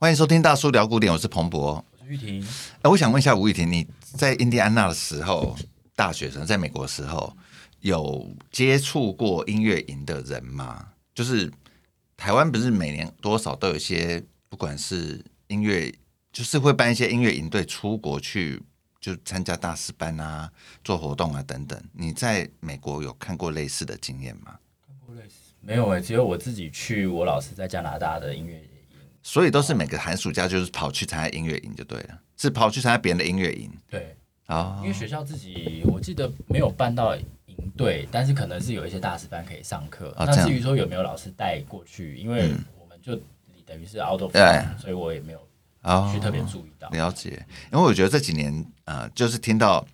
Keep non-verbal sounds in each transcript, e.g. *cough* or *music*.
歡迎收聽大叔聊古典，我是彭博。我是玉婷。哎、呃，我想問一下吳玉婷，你在印第安納的時候，大學生在美國的時候，有接觸過音樂營的人嗎？就是台灣不是每年多少都有一些，不管是音樂，就是會辦一些音樂營隊出國去，就參加大師班啊，做活動啊等等。你在美國有看過類似的經驗嗎？看過類似，沒有哎、欸，只有我自己去，我老師在加拿大的音樂。所以都是每個寒暑假就是跑去參加音樂營就對了，是跑去參加別人的音樂營。對，啊，因為學校自己我記得沒有辦到營隊，但是可能是有一些大師班可以上課。哦、那至於說有沒有老師帶過去，嗯、因為我們就等於是 outdoor，所以我也沒有去特別注意到、哦。了解，因為我覺得這幾年啊、呃、就是聽到。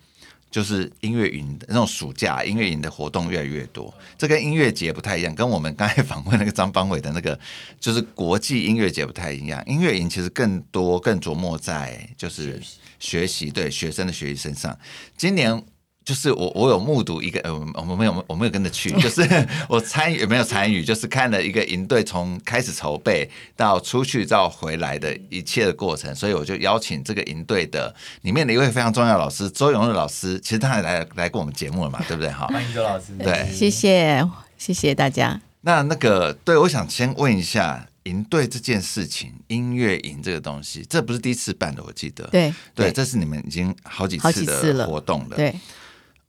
就是音樂營的那種暑假、啊、音樂營的活動越來越多，這跟音樂節不太一樣，跟我們剛才訪問那個張邦偉的那個就是國際音樂節不太一樣。音樂營其實更多更琢磨在就是學習，對學生的學習身上。今年。就是我我有目睹一個，呃，我們沒有，我沒有跟着去，就是我參與也沒有參與，就是看了一個營隊從開始籌備到出去到回來的一切的過程，所以我就邀請這個營隊的裡面的一位非常重要的老師周永樂老師，其實他也來來過我們節目了嘛，對不對？好，歡迎周老師，對，謝謝謝謝大家。那那個，對，我想先問一下營隊這件事情，音樂營這個東西，這不是第一次辦的，我記得，對，對，這是你們已經好幾次的活動了，了，對。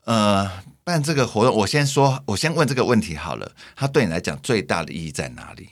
呃，辦這個活動，我先說，我先問這個問題好了。它對你來講最大的意義在哪裡？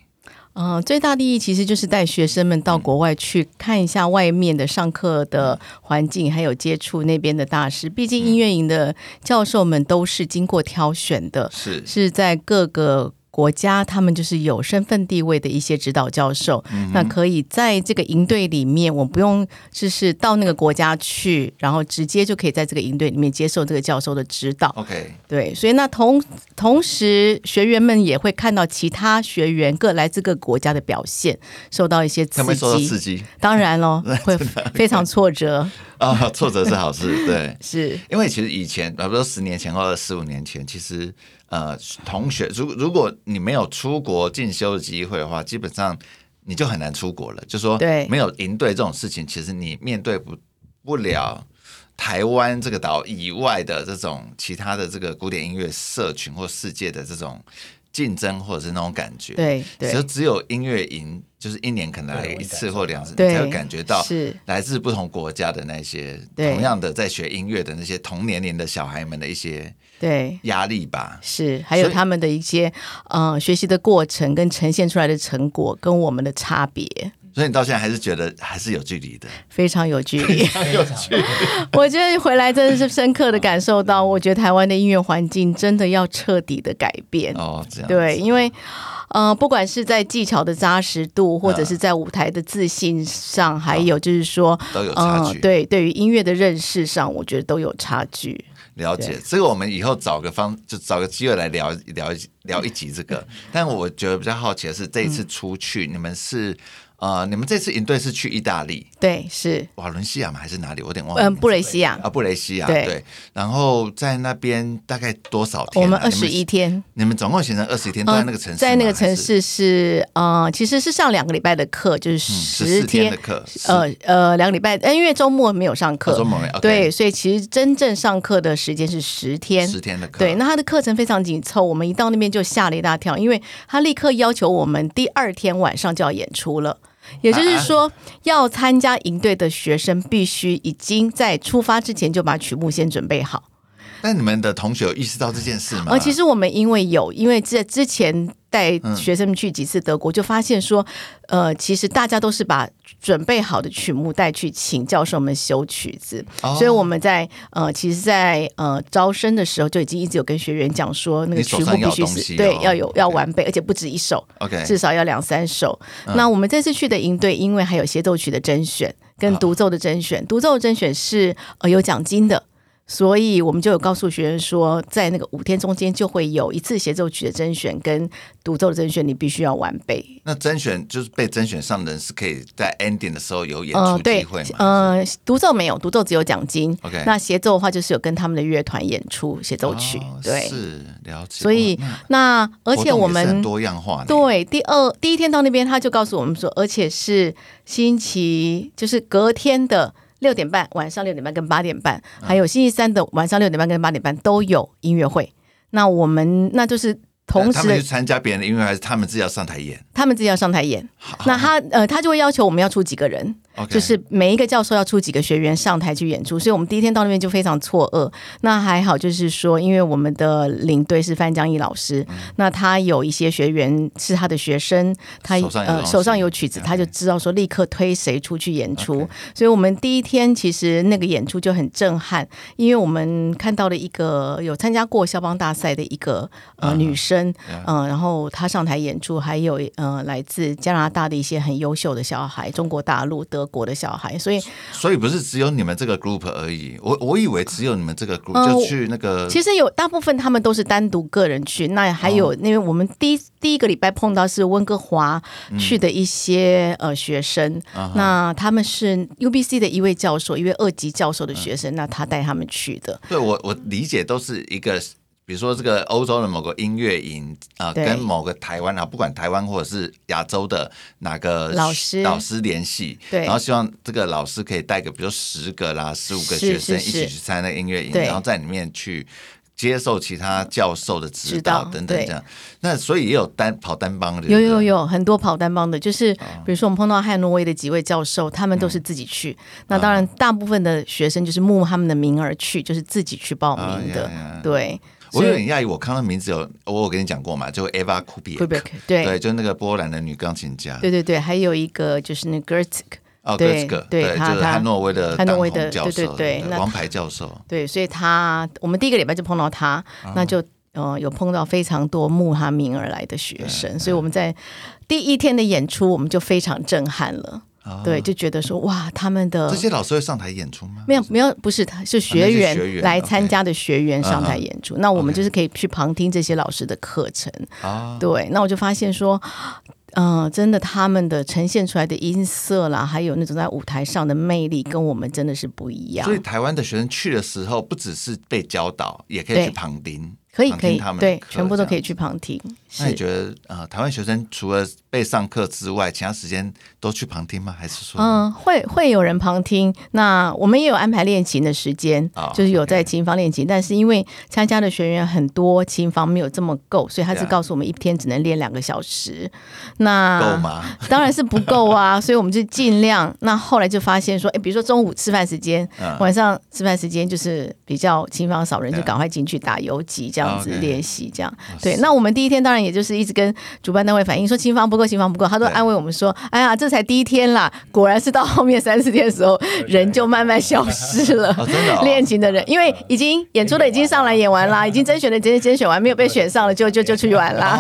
嗯、呃，最大的意義其實就是帶學生們到國外去看一下外面的上課的環境，還有接觸那邊的大師。畢竟音樂營的教授們都是經過挑選的，是是在各個。國家他們就是有身份地位的一些指導教授，嗯、哼那可以在這個營隊裡面，我們不用就是到那個國家去，然後直接就可以在這個營隊裡面接受這個教授的指導。OK，對，所以那同同時學員們也會看到其他學員各來自各個國家的表現，受到一些刺激，受到刺激，當然嘍，會非常挫折啊、 *laughs* 哦，挫折是好事，對，是因為其實以前，比如說十年前或者十五年前，其實。呃，同學，如如果你沒有出國進修的機會的話，基本上你就很難出國了，就說沒有營隊這種事情，對其實你面對不不了台灣這個島以外的這種其他的這個古典音樂社群或世界的這種競爭，或者是那種感覺。對，只只有音樂營，就是一年可能來一次或兩次，對對你才有感覺到來自不同國家的那些對同樣的在學音樂的那些同年齡的小孩們的一些。對壓力吧，是還有他們的一些以呃學習的過程跟呈現出來的成果跟我們的差別，所以你到現在還是覺得還是有距離的？非常有距離， *laughs* 有距離 *laughs* 我覺得回來真的是深刻的感受到，我覺得台灣的音樂環境真的要徹底的改變哦。這樣對，因為呃，不管是在技巧的扎實度，或者是在舞台的自信上，還有就是說、哦、都有差距。呃、對，對於音樂的認識上，我覺得都有差距。了解，Yes. 這個我們以後找個方，就找個機會來聊聊一聊一集這個。 *laughs* 但我覺得比較好奇的是，這一次出去你們是，嗯啊、呃，你們這次引隊是去意大利，對，是瓦倫西亞嘛，還是哪裡？我有點忘了，嗯，布雷西亞啊，布雷西亞。對，對，然後在那邊大概多少天？啊，我們二十一天你。你們總共行程二十一天，在那個城市，呃，在那個城市是啊、呃，其實是上兩個禮拜的課，就是十天、嗯、天的課、呃。呃、兩、呃，兩個禮拜，因為週末沒有上課，週、啊、末、okay、對，所以其實真正上課的時間是十天，十天的課。對，那他的課程非常緊湊。我們一到那邊就嚇了一大跳，因為他立刻要求我們第二天晚上就要演出了。也就是說，啊、要參加營隊的學生必須已經在出發之前就把曲目先準備好。那你們的同學有意識到這件事嗎？呃、啊，其實我們因為有，因為這之前。帶學生們去幾次德國，就發現說，呃，其實大家都是把準備好的曲目帶去請教授們修曲子。Oh. 所以我們在呃，其實在，在呃招生的時候就已經一直有跟學員講說，那個曲目必須是、哦、對要有要完備，Okay. 而且不止一首，Okay. 至少要兩三首。Okay. 那我們這次去的營隊，因為還有協奏曲的甄選跟獨奏的甄選，Oh. 獨奏甄選是呃有獎金的。所以我們就有告訴學員說，在那個五天中間就會有一次協奏曲的甄選跟獨奏的甄選，你必須要完備。那甄選就是被甄選上的人是可以在 ending 的時候有演出機會嗎？嗯、呃，獨奏、呃、沒有，獨奏只有獎金。OK，那協奏的話就是有跟他們的樂團演出協奏曲，oh, 對，是，了解。所以那，那而且我們多樣化。對，第二第一天到那邊他就告訴我們說，而且是星期，就是隔天的。六點半，晚上六點半跟八點半，還有星期三的晚上六點半跟八點半都有音樂會。那我們那就是同時參加別人的音樂，還是他們自己要上台演？他們自己要上台演，好那他呃，他就會要求我們要出幾個人，Okay. 就是每一個教授要出幾個學員上台去演出，所以我們第一天到那邊就非常錯愕。那還好，就是說，因為我們的領隊是范江毅老師，嗯、那他有一些學員是他的學生，他手呃手上有曲子，Okay. 他就知道說立刻推誰出去演出。Okay. 所以我們第一天其實那個演出就很震撼，因為我們看到了一個有參加過肖邦大賽的一個呃女生，嗯、uh huh. yeah. 呃，然後她上台演出，還有。呃呃，來自加拿大的一些很優秀的小孩，中國大陸、德國的小孩，所以所以不是只有你們這個 group 而已，我我以為只有你們這個 group 就去那個，呃、其實有大部分他們都是單獨個人去，那還有、哦、那個我們第一第一個禮拜碰到是溫哥華去的一些、嗯、呃學生，嗯、那他們是 UBC 的一位教授，一位二級教授的學生，嗯、那他帶他們去的，對，我我理解都是一個。比如說這個歐洲的某個音樂營啊，跟某個台灣啊，不管台灣或者是亞洲的哪個老師老師聯繫，對，然後希望這個老師可以帶個，比如十個啦、十五個學生一起去參加音樂營，然後在裡面去接受其他教授的指導等等這樣。那所以也有單跑單幫的，有有有很多跑單幫的，就是比如說我們碰到漢諾威的幾位教授，他們都是自己去。那當然，大部分的學生就是慕他們的名而去，就是自己去報名的，對。我有點訝異，我看到名字有，我有跟你講過嘛，就 Eva Kubik，對，就那個波蘭的女鋼琴家，對對對，還有一個就是那 Goetzke，Goetzke，對，就是漢諾威的漢諾威的對對對，王牌教授，對，所以他我們第一個禮拜就碰到他，那就嗯有碰到非常多慕他名而來的學生，所以我們在第一天的演出我們就非常震撼了。哦、對，就覺得說哇，他們的這些老師會上台演出嗎？沒有，沒有，不是他，是學員來參加的學員上台演出。那我們就是可以去旁聽這些老師的課程。啊、哦，對，那我就發現說，嗯、呃，真的他們的呈現出來的音色啦，還有那種在舞台上的魅力，跟我們真的是不一樣。所以台灣的學生去的時候，不只是被教導，也可以去旁聽，可以對可以，他們對全部都可以去旁聽。那你覺得，啊、呃、台灣學生除了被上課之外，其他時間都去旁聽嗎？還是說，嗯，會會有人旁聽。那我們也有安排練琴的時間，oh, okay. 就是有在琴房練琴。但是因為參加的學員很多，琴房沒有這麼夠，所以他是告訴我們一天只能練兩個小時。Yeah. 那夠嗎？當然是不夠啊，所以我們就盡量。 *laughs* 那後來就發現說，哎、欸，比如說中午吃飯時間，uh. 晚上吃飯時間就是比較琴房少人，Yeah. 就趕快進去打游擊這樣子練習。這樣，oh, okay . oh, 對。是那我們第一天當然。也就是一直跟主辦單位反映說琴房不夠，琴房不夠，他都安慰我們說，對哎呀，這才第一天啦。果然是到後面三四天的時候，啊、人就慢慢消失了。練琴對、啊 *laughs* 哦的,哦、的人，因為已經演出的已經上來演完啦，啊、已經甄選的已經甄選完，沒有被選上了就就就出去玩啦。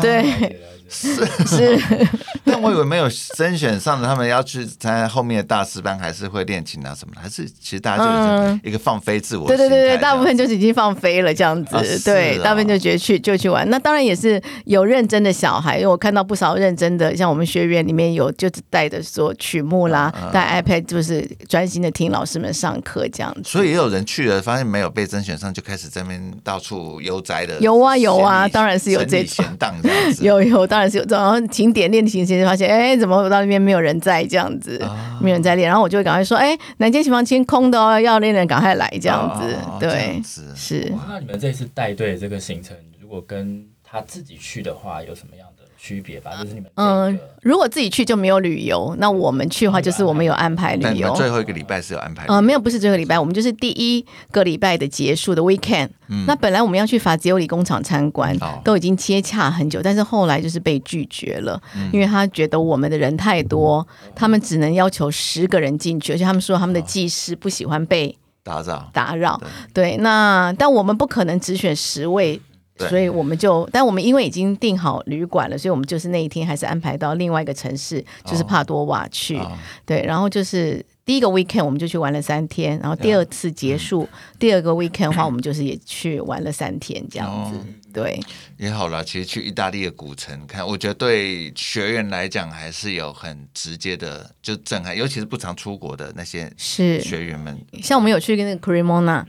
對,啊、對。對啊是是，是 *laughs* 但我以為沒有甄選上的，他們要去參加後面的大師班，還是會練琴啊什麼的，還是其實大家就已經一個放飛自我。對、嗯、對對對，大部分就是已經放飛了這樣子，啊啊、對，大部分就覺得去就去玩。那當然也是有認真的小孩，因為我看到不少認真的，像我們學院裡面有就帶着說曲目啦，帶 iPad 就是專心的聽老師們上課這樣子。所以也有人去了，發現沒有被甄選上，就開始在那邊到處悠哉的遊啊游啊，當然是有這閒這樣子，有有當然。然後請點練的情形就發現，哎，怎麼我到那邊沒有人在這樣子，oh, 沒有人在練，然後我就會趕快說，哎，南天琴房清空的哦，要練的人趕快來這樣子，oh, 對，是。那你們這次帶隊的這個行程，如果跟他自己去的話，有什麼樣的？區別，反正就是你們。嗯、呃，如果自己去就沒有旅遊，那我們去的話就是我們有安排旅遊。但你們最後一個禮拜是有安排旅遊。呃，沒有，不是最後一個禮拜，我們就是第一個禮拜的結束的 weekend、嗯。那本來我們要去法茲歐里工廠參觀，嗯、都已經接洽很久，但是後來就是被拒絕了，嗯、因為他覺得我們的人太多，嗯、他們只能要求十個人進去，而且他們說他們的技師不喜歡被打擾。打擾，對。對，那，但我們不可能只選十位。對所以我們就，但我們因為已經訂好旅館了，所以我們就是那一天還是安排到另外一個城市，就是帕多瓦去。哦哦、對，然後就是第一個 weekend 我們就去玩了三天，然後第二次結束，嗯、第二個 weekend 的話我們就是也去玩了三天，這樣子。哦、對，也好了。其實去意大利的古城看，我覺得對學員來講還是有很直接的就震撼，尤其是不常出國的那些學員們。是像我們有去那個 Cremona。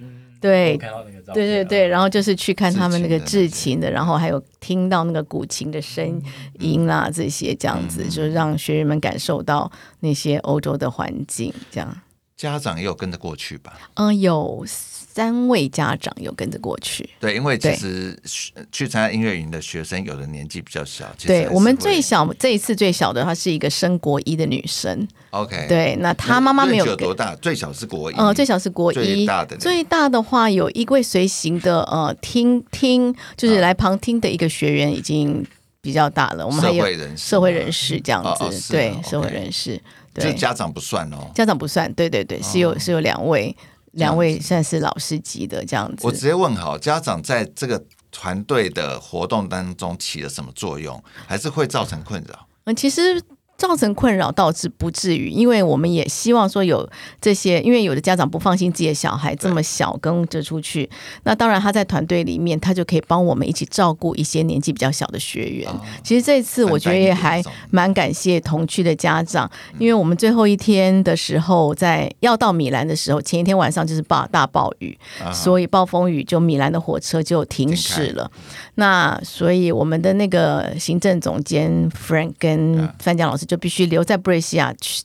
對，對對對，然後就是去看他們那個製琴的，然後還有聽到那個古琴的聲音啦、啊，嗯嗯、這些這樣子，就是讓學員們感受到那些歐洲的環境，這樣。家長也有跟着過去吧？嗯、哎，有。三位家長有跟着過去，對，因為其實去參加音樂營的學生有的年紀比較小，對我們最小這一次最小的她是一個升國一的女生。OK，對，那她媽媽沒有跟，那多大，最小是國一，呃，最小是國一。最大的最大的話有一位隨行的呃聽聽，就是來旁聽的一個學員已經比較大了。我們還有社會人士這樣子，對社會人士，這家長不算哦，家長不算，對對對，是有是有兩位。兩位算是老師級的這樣子，我直接問好，家長在這個團隊的活動當中起了什麼作用，還是會造成困擾？嗯，其實。造成困擾倒是不至於，因為我們也希望說有這些，因為有的家長不放心自己的小孩這麼小跟着出去。對那當然他在團隊裡面，他就可以幫我們一起照顧一些年紀比較小的學員。Uh huh. 其實這次我覺得也還蠻感謝同去的家長，uh huh. 因為我們最後一天的時候在要到米蘭的時候，前一天晚上就是暴大暴雨，uh huh. 所以暴風雨就米蘭的火車就停駛了。 *noise* 那所以我們的那個行政總監 Frank 跟范江老師就。必須留在布雷西亞，去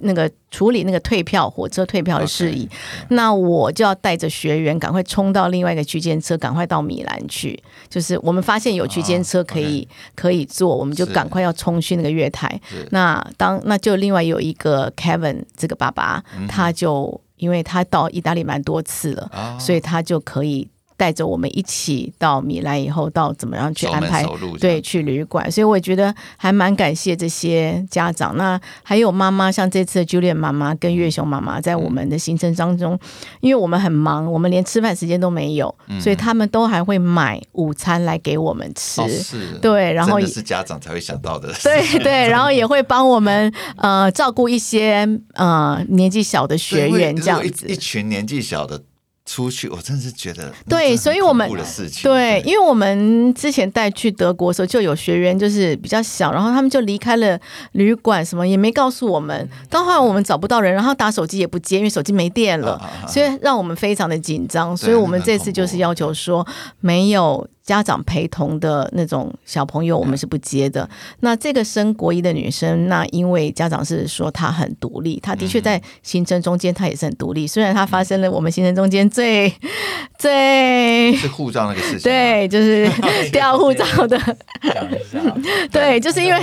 那個處理那個退票、火車退票的事宜，okay, okay. 那我就要帶着學員趕快衝到另外一個區間車，趕快到米蘭去。就是我們發現有區間車可以、oh, okay. 可以坐，我們就趕快要衝去那個月台。是。那當那就另外有一個 Kevin 這個爸爸，mm hmm. 他就因為他到意大利蠻多次了，oh. 所以他就可以。帶着我們一起到米蘭以後，到怎麼樣去安排？守守對，去旅館。所以我覺得還蠻感謝這些家長。那還有媽媽，像這次 Julian 媽媽跟月熊媽媽，在我們的行程當中，嗯、因為我們很忙，我們連吃飯時間都沒有，嗯、所以他們都還會買午餐來給我們吃。哦、是，對，然後也是家長才會想到的。對對，然後也會幫我們呃照顧一些呃年紀小的學員這樣子。一,一群年紀小的。出去，我真是覺得是對，所以我們對，因為我們之前帶去德國的時候，就有學員就是比較小，然後他們就離開了旅館，什麼也沒告訴我們。到後來我們找不到人，然後打手機也不接，因為手機沒電了，哦啊、所以讓我們非常的緊張。對所以我們這次就是要求說，沒有。家長陪同的那種小朋友，我們是不接的。那這個升國一的女生，那因為家長是說她很獨立，她的確在行程中間她也是很獨立。雖然她發生了我們行程中間最最是護照那個事情，對，就是掉護照的。 *laughs* 對，就是因為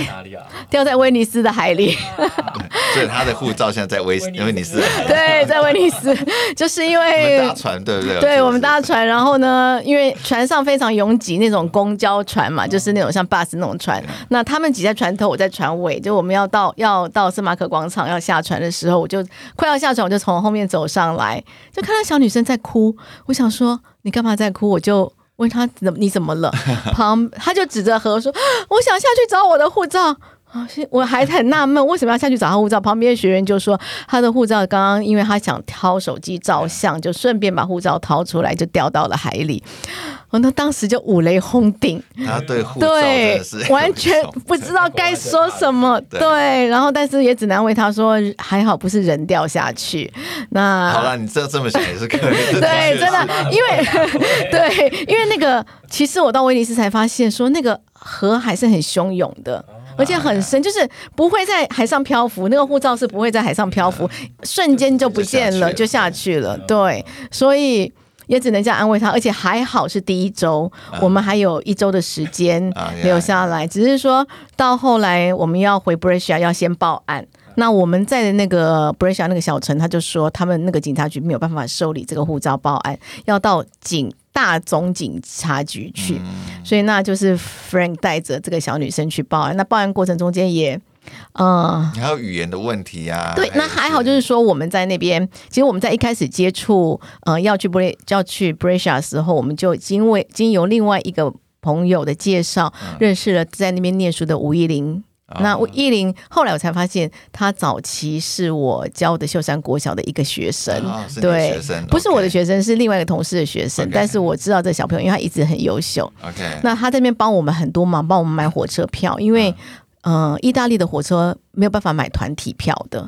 掉在威尼斯的海裡， *laughs* 所以他的護照現在在威威尼斯。 *laughs* 尼斯對，在威尼斯，就是因為搭 *laughs* 船，對不對？對，我們搭船，然後呢，因為船上非常擁擠。擠那種公交船嘛，就是那種像 bus 那種船。嗯，那他們擠在船頭，我在船尾。就我們要到要到聖馬可廣場要下船的時候，我就快要下船，我就從後面走上來，就看到小女生在哭。我想說你幹嘛在哭？我就問她：‘怎你怎麼了？’旁她就指着河說、啊：“我想下去找我的護照。”我還很納悶為什麼要下去找他護照。旁邊的學員就說他的護照剛剛，因為他想掏手機照相，就順便把護照掏出來，就掉到了海裡。我那當時就五雷轟頂，他對護照真的是完全不知道該說什麼。對，然後但是也只能為他說還好不是人掉下去。那好了，你這這麼想也是可以的。對，真的，因為對，因為那個其實我到威尼斯才發現，說那個河還是很洶湧的，而且很深，就是不會在海上漂浮。那個護照是不會在海上漂浮，瞬間就不見了，就下去了。對，所以。也只能這樣安慰他，而且還好是第一周，uh, 我們還有一周的時間留下來。Uh, yeah, yeah. 只是說到後來，我們要回 Brescia 要先報案。那我們在那個 Brescia 那個小城，他就說他們那個警察局沒有辦法受理這個護照報案，要到警大總警察局去。Mm. 所以那就是 Frank 帶着這個小女生去報案。那報案過程中間也。嗯，還有語言的問題啊。對，那還好，就是說我們在那邊，其實我們在一開始接觸，呃，要去要去 b r a s h i 的時候，我們就因為經由另外一個朋友的介紹，認識了在那邊唸書的吳依林。那吳依林後來我才發現，他早期是我教的秀山國小的一個學生，對，不是我的學生，是另外一個同事的學生。但是我知道這小朋友，因為他一直很優秀。OK，那他這邊幫我們很多忙，幫我們買火車票，因為。嗯，意大利的火車沒有辦法買團體票的，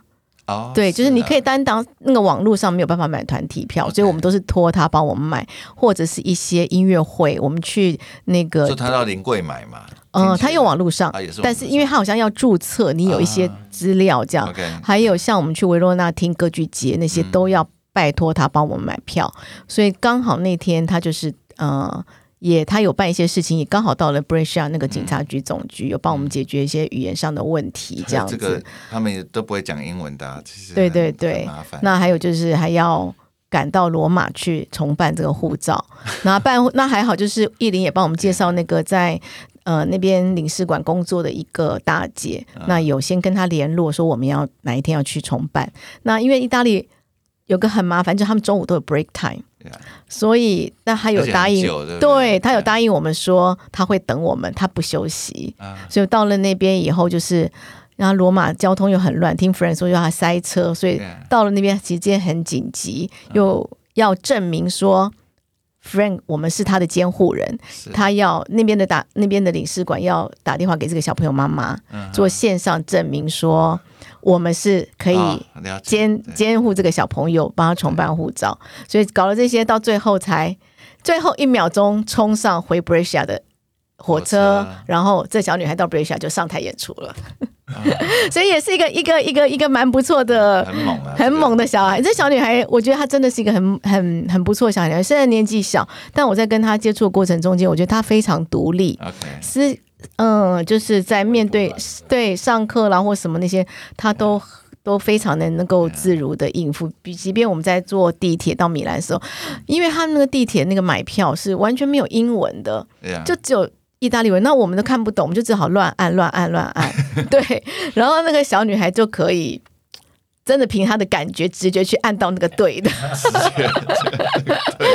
哦，oh, 對，是啊、就是你可以擔當那個網絡上沒有辦法買團體票，Okay. 所以我們都是托他幫我們買，或者是一些音樂會，我們去那個就他到臨櫃買嘛，嗯，他有網絡上，啊、也是網路上但是因為他好像要注冊，你有一些資料這樣，uh, okay. 還有像我們去維羅納聽歌劇節那些都要拜托他幫我們買票，嗯、所以剛好那天他就是嗯。呃也，他有辦一些事情，也剛好到了 Brescia 那個警察局總局，嗯、有幫我們解決一些語言上的問題。這個、這樣子，他們也都不會講英文的、啊，其實很。對對對，麻煩。那還有就是還要趕到羅馬去重辦這個護照。那辦 *laughs* 那還好，就是葉玲也幫我們介紹那個在呃那邊領事館工作的一個大姐。對那有先跟她聯絡說我們要哪一天要去重辦。那因為意大利有個很麻煩，就是、他們中午都有 break time。Yeah. 所以，那他有答應，對，對，對他有答應我們說 Yeah. 他會等我們，他不休息。Uh huh. 所以到了那邊以後，就是然後羅馬交通又很亂，聽 Frank 說要他塞車，所以到了那邊時間 Yeah. 很緊急，又要證明說 Frank 我們是他的監護人，uh huh. 他要那邊的打那邊的領事館要打電話給這個小朋友媽媽，uh huh. 做線上證明說。我們是可以、啊、監監護這個小朋友，幫他重辦護照，對所以搞了這些，到最後才最後一秒鐘衝上回 Brescia 的火車，火車然後這小女孩到 Brescia 就上台演出了，啊、 *laughs* 所以也是一個一個一個一個蠻不錯的，很猛的、啊，很猛的小孩。的這小女孩，我覺得她真的是一個很很很不錯的小女孩，雖然年紀小，但我在跟她接觸的過程中間，我覺得她非常獨立，Okay 是。嗯，就是在面對、嗯、對上課啦或什麼那些，他都、嗯、都非常的能，能夠自如的應付。比、嗯、即便我們在坐地鐵到米蘭的時候，因為他那個地鐵那個買票是完全沒有英文的，嗯、就只有意大利文，那我們都看不懂，我們、嗯、就只好亂按亂按亂按、亂按 *laughs* 對，然後那個小女孩就可以。真的憑他的感覺、直覺去按到那個對的， *laughs* *laughs* 對，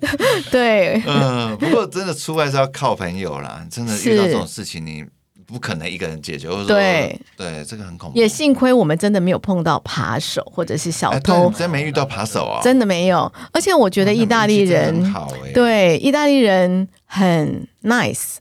的對，嗯，不過真的出外是要靠朋友啦，真的遇到這種事情，你不可能一個人解決，是對，對，這個很恐怖。也幸虧我們真的沒有碰到扒手或者是小偷，欸、真的沒遇到扒手啊、喔，真的沒有。而且我覺得意大利人、嗯、很好、欸，對，意大利人很 nice。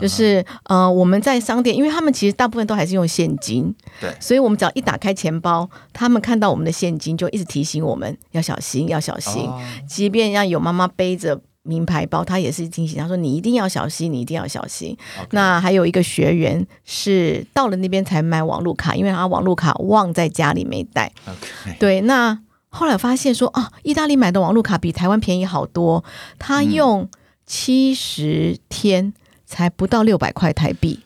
就是、uh huh. 呃，我們在商店，因為他們其實大部分都還是用現金，對，所以我們只要一打開錢包，他們看到我們的現金就一直提醒我們要小心，要小心。Oh. 即便要有媽媽背着名牌包，他也是提醒他說：“你一定要小心，你一定要小心。” Okay. 那還有一個學員是到了那邊才買網路卡，因為他網路卡忘在家裡沒帶。Okay. 對，那後來發現說啊，意大利買的網路卡比台灣便宜好多，他用七十天，才不到六百塊台幣，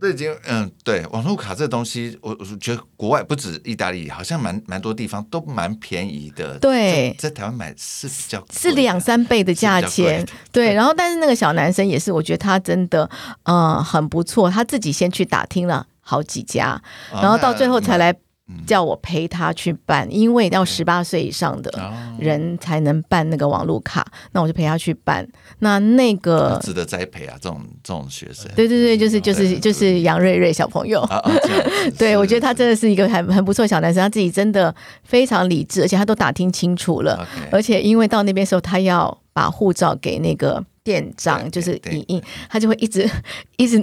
對，已經嗯，對，網絡卡這東西，我我是覺得國外不止意大利，好像蠻蠻多地方都蠻便宜的。對，在台灣買是比較貴是兩三倍的價錢。對,對，然後但是那個小男生也是，我覺得他真的嗯很不錯，他自己先去打聽了好幾家，然後到最後才來、嗯。叫我陪他去辦，因為要十八歲以上的人才能辦那個網絡卡，Okay . oh. 那我就陪他去辦。那那個值得栽培啊，這種這種學生，對對對，就是就是對對對就是楊瑞瑞小朋友，oh, oh, *laughs* 對是我覺得他真的是一個很很不錯的小男生，他自己真的非常理智，而且他都打聽清楚了，Okay. 而且因為到那邊的時候他要把護照給那個。店長就是移民，他就會一直一直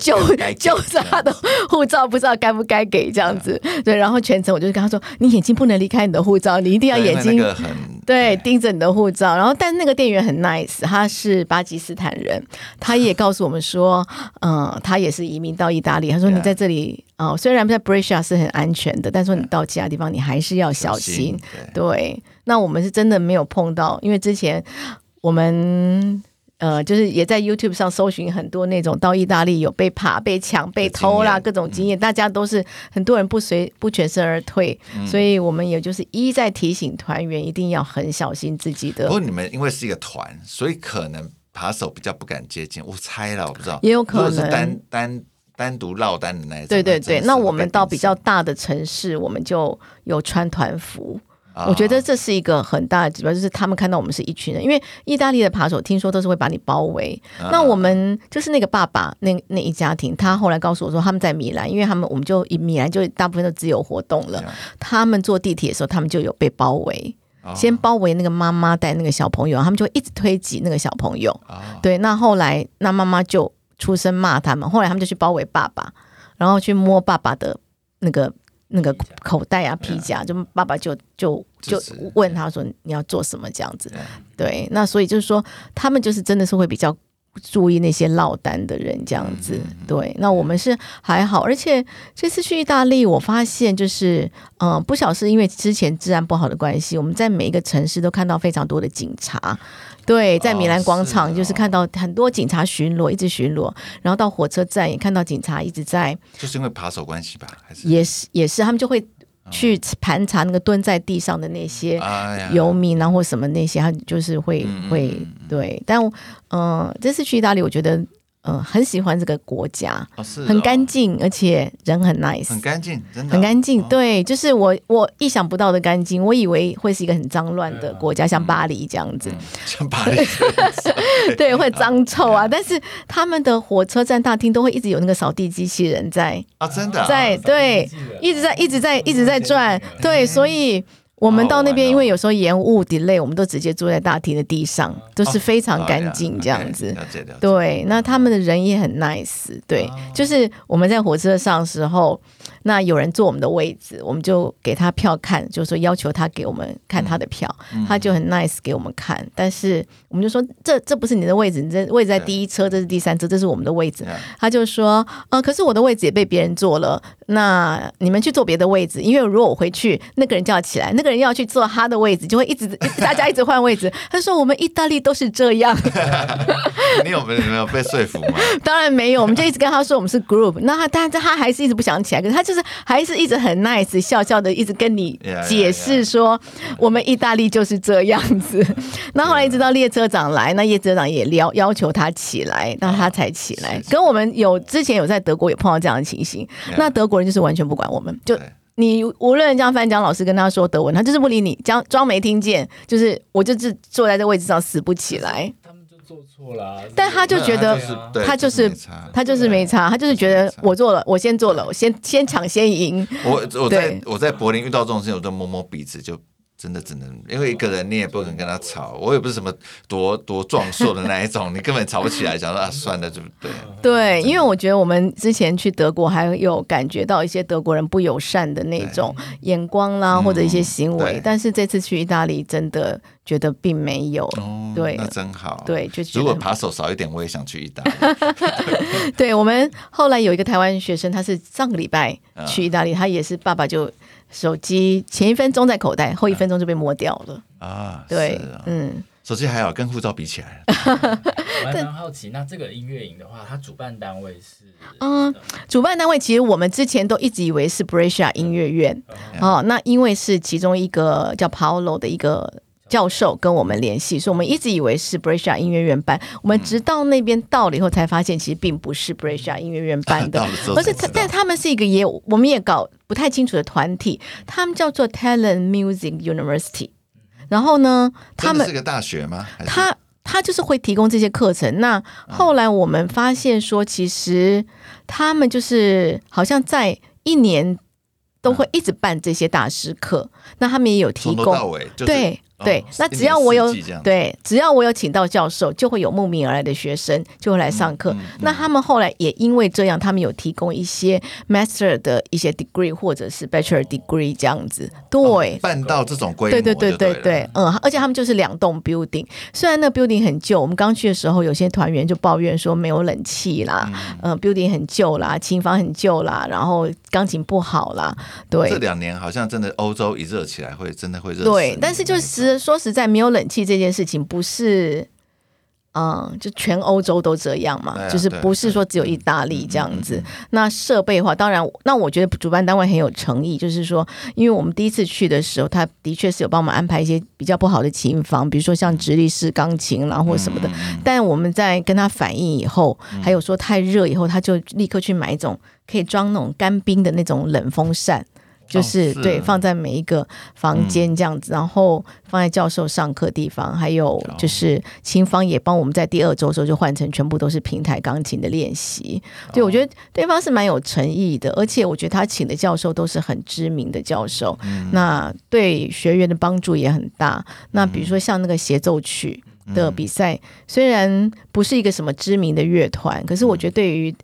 揪揪 *laughs* 他的護照不知道該不該給這樣子，對，對。然後全程我就是跟他說：“你眼睛不能離開你的護照，你一定要眼睛對、那個、對，對盯着你的護照。”然後，但是那個店員很 nice，他是巴基斯坦人，他也告訴我們說：“嗯、 *laughs* 呃，他也是移民到意大利。”他說：“你在這裡啊對、呃，雖然在 Brescia 是很安全的，但是說你到其他地方你還是要小心。對”對。那我們是真的沒有碰到，因為之前我們。呃，就是也在 YouTube 上搜尋很多那種到意大利有被扒、被搶、被偷啦各種經驗，嗯、大家都是很多人不隨不全身而退，嗯、所以我們也就是一再提醒團員一定要很小心自己的。不過你們因為是一個團，所以可能扒手比較不敢接近。我猜啦，我不知道，也有可能是單單單獨落單的那種。對對對，實那我們到比較大的城市，嗯、我們就有穿團服。我覺得這是一個很大的指標，就是他們看到我們是一群人，因為意大利的扒手聽說都是會把你包圍。Uh, 那我們就是那個爸爸那那一家庭，他後來告訴我說他們在米蘭，因為他們我們就以米蘭就大部分都自由活動了。他們坐地鐵的時候，他們就有被包圍，uh, 先包圍那個媽媽帶那個小朋友，他們就一直推擠那個小朋友。Uh, 對，那後來那媽媽就出聲罵他們，後來他們就去包圍爸爸，然後去摸爸爸的那個。那個口袋啊，皮夾，就爸爸就就就問他說：“你要做什麼？”這樣子，對，那所以就是說，他們就是真的是會比較。注意那些落單的人，這樣子對。那我們是還好，而且這次去意大利，我發現就是，嗯、呃，不曉得是因為之前治安不好的關係，我們在每一個城市都看到非常多的警察。對，在米蘭廣場就是看到很多警察巡邏，一直巡邏，然後到火車站也看到警察一直在。就是因為扒手關係吧？還是？也是，也是，他們就會。去盤查那個蹲在地上的那些遊民，哎呀，然後什麼那些，他就是會會對，但嗯、呃，這次去意大利，我覺得。嗯，很喜歡這個國家，哦是哦、很乾淨，而且人很 nice，很乾淨，真的、啊、很乾淨。對，就是我我意想不到的乾淨，我以為會是一個很髒亂的國家，啊、像巴黎這樣子，嗯、像巴黎， *laughs* 對， *laughs* 會髒臭啊。 *laughs* 但是他們的火車站大廳都會一直有那個掃地機器人在啊，真的、啊，在對一直在，一直在一直在一直在轉，對，所以。嗯我們到那邊，oh, I know, 因為有時候延誤 delay，我們都直接坐在大廳的地上，oh, 都是非常乾淨這樣子。Oh, oh yeah, okay, 了解,了解,對，嗯、那他們的人也很 nice。對，oh. 就是我們在火車上的時候。那有人坐我們的位置，我們就給他票看，就是、說要求他給我們看他的票，嗯、他就很 nice 給我們看。但是我們就說，這這不是你的位置，你這位置在第一車，嗯、這是第三車，這是我們的位置。嗯、他就說，嗯、呃，可是我的位置也被別人坐了，那你們去坐別的位置，因為如果我回去，那個人就要起來，那個人要去坐他的位置，就會一直大家一直換位置。 *laughs* 他說，我們意大利都是這樣。 *laughs* *laughs* 你有沒沒有被說服嗎？當然沒有，我們就一直跟他說我們是 group， *laughs* 那他但是他還是一直不想起來，可是他就是。還是一直很 nice 笑笑的，一直跟你解釋說，我們意大利就是這樣子。那後來一直到列車長來，那列車長也要要求他起來，那他才起來。Oh, 跟我們有之前有在德國也碰到這樣的情形，Yeah. 那德國人就是完全不管我們，就你無論人家翻江老師跟他說德文，Yeah. 他就是不理你，將裝沒聽見，就是我就是坐在這個位置上死不起來。Yes. 但他就覺得，他就是他就是沒差，他就是覺得我做了，我先做了，我先先搶先贏。我我在我在柏林遇到這種事情，我就摸摸鼻子就。真的只能，因為一個人你也不可能跟他吵，我也不是什麼多多壯碩的那一種， *laughs* 你根本吵不起來。想說啊，算了，對不對？對的，因為我覺得我們之前去德國還有感覺到一些德國人不友善的那種眼光啦，對或者一些行為，嗯、但是這次去意大利真的覺得並沒有。對，嗯、那真好。對，就如果扒手少一點，我也想去意大利。 *laughs* *laughs* 對我們後來有一個台灣學生，他是上個禮拜去意大利，啊、他也是爸爸就。手機前一分鐘在口袋，後一分鐘就被摸掉了啊！對，啊、嗯，手機還好，跟護照比起來。 *laughs* 我很好奇， *laughs* 但那這個音樂營的話，它主辦單位是？嗯，嗯主辦單位其實我們之前都一直以為是 Brescia 音樂院，嗯嗯嗯、哦。那因為是其中一個叫 Paolo 的一個教授跟我們聯繫，嗯、所以我們一直以為是 Brescia 音樂院班。我們直到那邊到了以後，才發現其實並不是 Brescia 音樂院班的，嗯啊，而且，他，道但他們是一個也，我們也搞，不太清楚的團體，他們叫做 Talent Music University。然後呢，他們是個大學嗎？他們，他，他就是會提供這些課程。那後來我們發現說，其實他們就是好像在一年都會一直辦這些大師課。啊、那他們也有提供，對。對，那只要我有對，只要我有請到教授，就會有慕名而來的學生，就會來上課。嗯嗯、那他們後來也因為這樣，他們有提供一些 master 的一些 degree 或者是 bachelor degree 這樣子。對，哦、辦到這種規定，哦、對，對對對對對，對，嗯，而且他們就是兩棟 building，雖然那 building 很舊，我們剛去的時候有些團員就抱怨說沒有冷氣啦，嗯、呃、，building 很舊啦，琴房很舊啦，然後鋼琴不好啦。對，嗯、這兩年好像真的歐洲一熱起來會，會真的會熱死。對，但是就是。說實在，沒有冷氣這件事情不是，嗯，就全歐洲都這樣嘛？啊、就是不是說只有意大利這樣子？那設備的話，當然，那我覺得主辦單位很有誠意，就是說，因為我們第一次去的時候，他的確是有幫我們安排一些比較不好的琴房，比如說像直立式鋼琴，然後或者什麼的。嗯、但我們在跟他反映以後，還有說太熱以後，他就立刻去買一種可以裝那種乾冰的那種冷風扇。就是，、哦、是對，放在每一個房間這樣子，嗯、然後放在教授上課地方，還有就是琴房也幫我們在第二周的時候就換成全部都是平台鋼琴的練習。哦、對，我覺得對方是蠻有誠意的，而且我覺得他請的教授都是很知名的教授，嗯、那對學員的幫助也很大。那比如說像那個協奏曲的比賽，嗯、雖然不是一個什麼知名的樂團，可是我覺得對於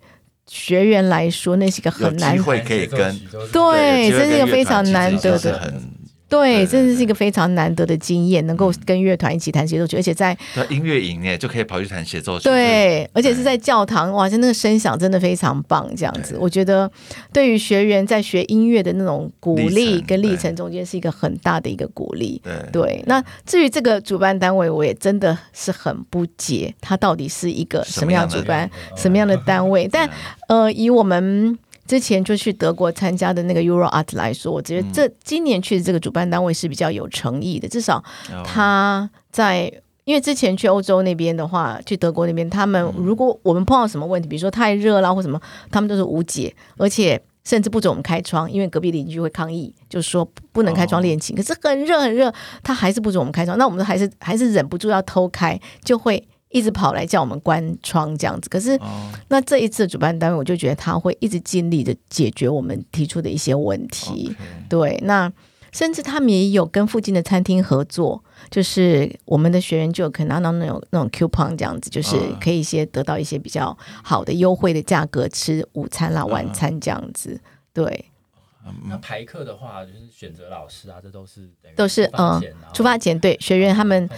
學員來說，那是一個很難的機會，可以跟對，這是一個非常難得的。對對對，真的是一個非常難得的經驗，能夠跟樂團一起彈協奏曲，而且在音樂營耶，就可以跑去彈協奏曲。對，而且是在教堂，哇，是那個聲響真的非常棒，這樣子。我覺得對於學員在學音樂的那種鼓勵跟歷程中間是一個很大的一個鼓勵。對，那至於這個主辦單位，我也真的是很不解，它到底是一個什麼樣的主辦、什麼樣的單位？但呃，以我們。之前就去德國參加的那個 Euro Art 來說，我覺得這今年去的這個主辦單位是比較有誠意的，至少他在，因為之前去歐洲那邊的話，去德國那邊，他們，如果我們碰到什麼問題，比如說太熱啦或什麼，他們都是無解，而且甚至不准我們開窗，因為隔壁鄰居會抗議，就說不能開窗練琴。可是很熱很熱，他還是不准我們開窗，那我們還是還是忍不住要偷開，就會一直跑來叫我們關窗這樣子，可是那這一次主辦單位，我就覺得他會一直盡力的解決我們提出的一些問題。Okay. 對，那甚至他們也有跟附近的餐廳合作，就是我們的學員就可以拿到那種那種 coupon 這樣子，就是可以一些得到一些比較好的優惠的價格吃午餐啦、晚餐這樣子，對。那排課的話，就是選擇老師啊，這都是等於都是嗯，出發前對學員他們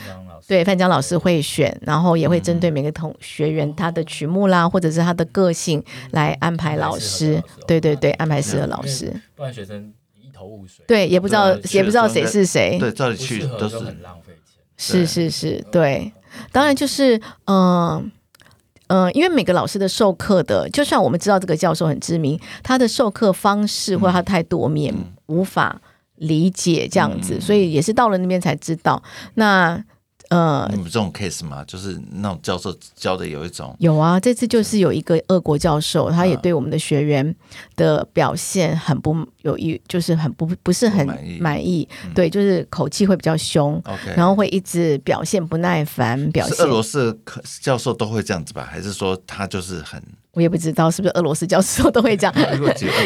對范江老師會選，然後也會針對每個同學員他的曲目啦，或者是他的個性來安排老師，對對對，安排適合老師，不然學生一頭霧水，對，也不知道也不知道誰是誰，對，這裡去都是很浪費錢，是是是，對，當然就是嗯。嗯，因為每個老師的授課的，就算我們知道這個教授很知名，他的授課方式或他太多面，無法理解這樣子，所以也是到了那邊才知道。那。呃，你們、嗯、這種 case 嗎？就是那種教授教的有一種。有啊，這次就是有一個俄國教授，嗯、他也對我們的學員的表現很不有一，就是很不不是很滿意。嗯、對，就是口氣會比較凶，嗯、然後會一直表現不耐煩。okay 表現。是俄羅斯教授都會這樣子吧？還是說他就是很？我也不知道是不是俄羅斯教授都會這樣，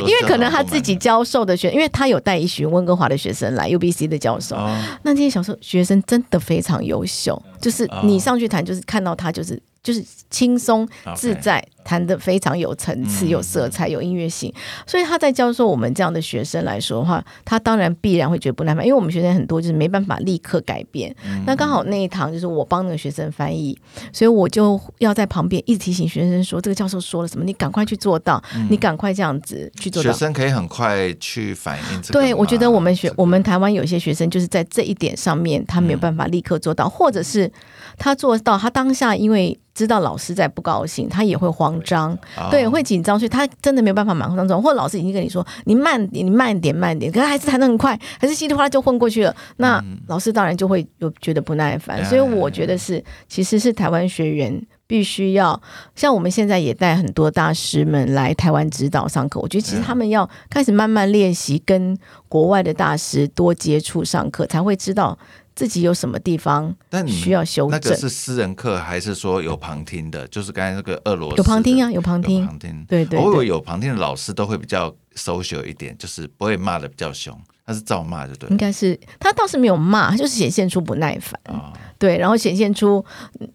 因為可能他自己教授的學，因為他有帶一群溫哥華的學生來 UBC 的教授，那些小說學生真的非常優秀，就是你上去彈，就是看到他就是就是輕鬆自在。彈得非常有層次、有色彩、有音樂性，嗯、哼所以他在教授我們這樣的學生來說的話，他當然必然會覺得不耐煩，因為我們學生很多就是沒辦法立刻改變。嗯、哼那剛好那一堂就是我幫那個學生翻譯，所以我就要在旁邊一直提醒學生說：“這個教授說了什麼？你趕快去做到，嗯、你趕快這樣子去做。”學生可以很快去反應。對，我覺得我們學、這個、我們台灣有些學生就是在這一點上面，他沒有辦法立刻做到，嗯、或者是他做到，他當下因為知道老師在不高興，他也會慌。緊張，對，會緊張，所以他真的沒有辦法滿腔中，或者老師已經跟你說，你慢，你慢點，慢點，可是孩子彈得很快，還是稀里嘩啦就混過去了。那老師當然就會有覺得不耐煩，嗯、所以我覺得是，其實是台灣學員必須要，像我們現在也帶很多大師們來台灣指導上課，我覺得其實他們要開始慢慢練習，跟國外的大師多接觸上課，才會知道。自己有什麼地方？但你需要修正。那個是私人課，還是說有旁聽的？就是剛才那個二樓有旁聽啊，有旁聽。旁聽，對,對對。偶爾有旁聽的老師都會比較 social 一點，就是不會罵的比較凶，他是照罵就對。應該是他倒是沒有罵，他就是顯現出不耐煩。哦、對，然後顯現出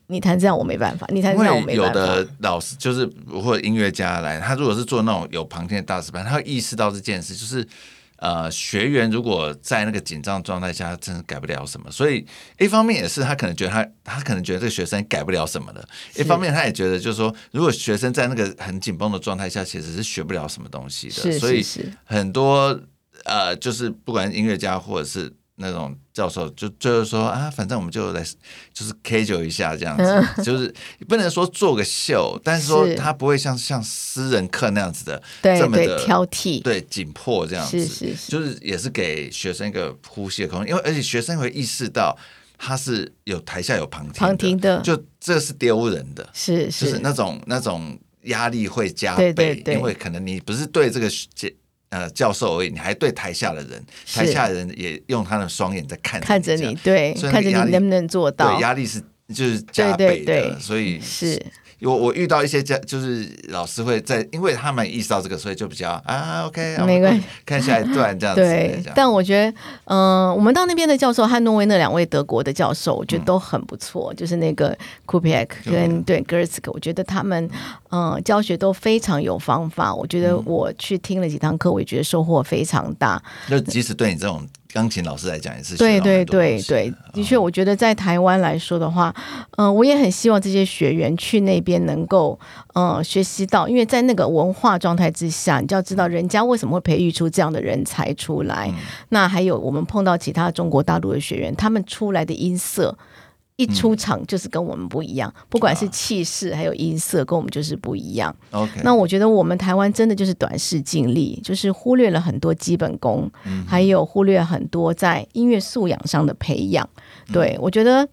你彈這樣我沒辦法，你彈這樣我沒辦法。有的老師就是或者音樂家來，他如果是做那種有旁聽的大師班，他會意識到這件事，就是。呃，學員如果在那個緊張狀態下，真的改不了什麼。所以一方面也是他可能覺得他他可能覺得這個學生改不了什麼的。是一方面他也覺得就是說，如果學生在那個很緊繃的狀態下，其實是學不了什麼東西的。是是是，所以很多呃，就是不管音樂家或者是。那種教授就就是說啊，反正我們就來就是 casual 一下這樣子， *laughs* 就是不能說做個秀，但是說他不會像像私人課那樣子的對這麼的對挑剔，對緊迫這樣子，是是是，就是也是給學生一個呼吸的空間，因為而且學生會意識到他是有台下有旁聽的，旁聽的，就這是丟人的，是，是，就是那種那種壓力會加倍，對對對，因為可能你不是對這個學呃，教授而已，你還對台下的人，是台下的人也用他的雙眼在看看着你，對，看着你能不能做到？對，壓力是就是加倍的，對對對，所以是。我我遇到一些教，就是老師會在，因為他們意識到這個，所以就比較啊，OK，沒關係，看下一段這樣子。對，對但我覺得，嗯、呃，我們到那邊的教授漢諾威那兩位德國的教授，我覺得都很不錯。嗯、就是那個 Kupiak 跟對格里斯克，k, 我覺得他們嗯、呃、教學都非常有方法。我覺得我去聽了幾堂課，我也覺得收穫非常大。就即使對你這種。鋼琴老師來講也是，對對對對，哦、的確，我覺得在台灣來說的話，嗯、呃，我也很希望這些學員去那邊能夠，嗯、呃，學習到，因為在那個文化狀態之下，你就要知道人家為什麼會培育出這樣的人才出來。嗯、那還有我們碰到其他中國大陸的學員，他們出來的音色。一出場就是跟我們不一樣，嗯、不管是氣勢還有音色，啊、跟我們就是不一樣。Okay. 那我覺得我們台灣真的就是短視近利，就是忽略了很多基本功，嗯、還有忽略很多在音樂素養上的培養。嗯、對我覺得，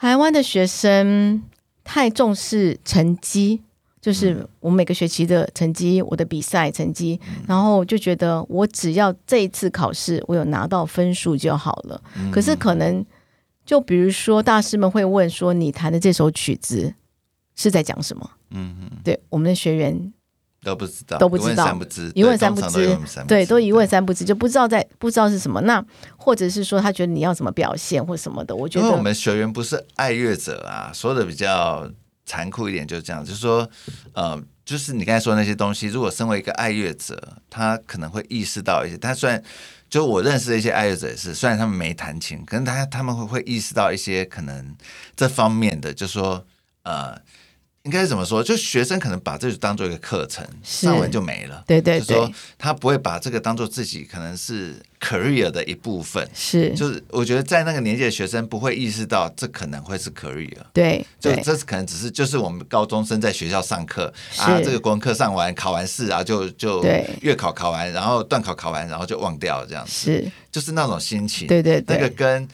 台灣的學生太重視成績，就是我每個學期的成績，我的比賽成績，嗯、然後就覺得我只要這一次考試我有拿到分數就好了。嗯、可是可能。就比如說，大師們會問說：“你彈的這首曲子是在講什麼？”嗯嗯哼，對，我們的學員都不知道，都不知道，問三不知，一問三不知，對，都一問三不知，對就不知道在不知道是什麼。那或者是說，他覺得你要怎麼表現或什麼的，我覺得因為我們學員不是愛樂者啊。說的比較殘酷一點，就是這樣，就是說，呃，就是你剛才說的那些東西，如果身為一個愛樂者，他可能會意識到一些，他雖然。就我認識的一些愛樂者也是，雖然他們沒彈琴，可能他他們會會意識到一些可能這方面的，就說呃。應該是怎麼說？就學生可能把這當做一個課程，是上完就沒了。對對對，就說他不會把這個當作自己可能是 career 的一部分。是，就是我覺得在那個年紀的學生不會意識到這可能會是 career。對，對，就這是可能只是就是我們高中生在學校上課是啊，這個功課上完考完試啊，就就月考考完，然後段考考完，然後就忘掉了這樣子，是就是那種心情。對，對對，那個跟。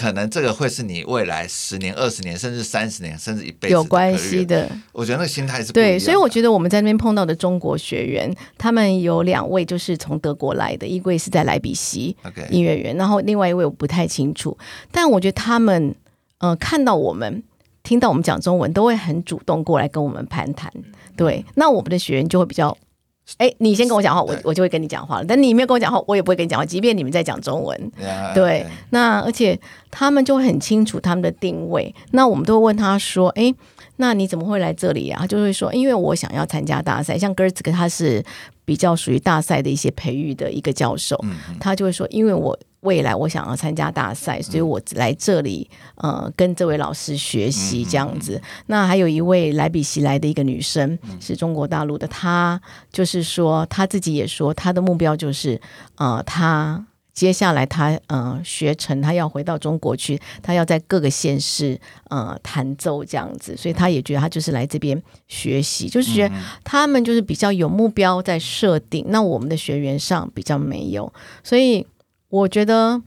可能這個會是你未來十年、二十年，甚至三十年，甚至一輩子的有關係的。我覺得那個心態是不對。對，所以我覺得我們在那邊碰到的中國學員，他們有兩位就是從德國來的，一位是在萊比錫音樂院 Okay. 然後另外一位我不太清楚，但我覺得他們、呃、看到我們，聽到我們講中文，都會很主動過來跟我們攀談。對，那我們的學員就會比較。哎，你先跟我講話，我我就會跟你講話了。對但你沒有跟我講話，我也不會跟你講話。即便你們在講中文，yeah, 對，嗯、那而且他們就會很清楚他們的定位。那我們都問他說：“哎。”那你怎麼會來這裡啊？他就會說，因為我想要參加大賽，像哥兒幾他是比較屬於大賽的一些培育的一個教授，嗯嗯他就會說，因為我未來我想要參加大賽，所以我來這裡，呃，跟這位老師學習這樣子。嗯嗯嗯那還有一位萊比錫來的一個女生，是中國大陸的，她就是說，她自己也說，她的目標就是，呃，她。接下來他嗯、呃、學成，他要回到中國去，他要在各個縣市嗯、呃、彈奏這樣子，所以他也覺得他就是來這邊學習，就是覺得他們就是比較有目標在設定，嗯、那我們的學員上比較沒有，所以我覺得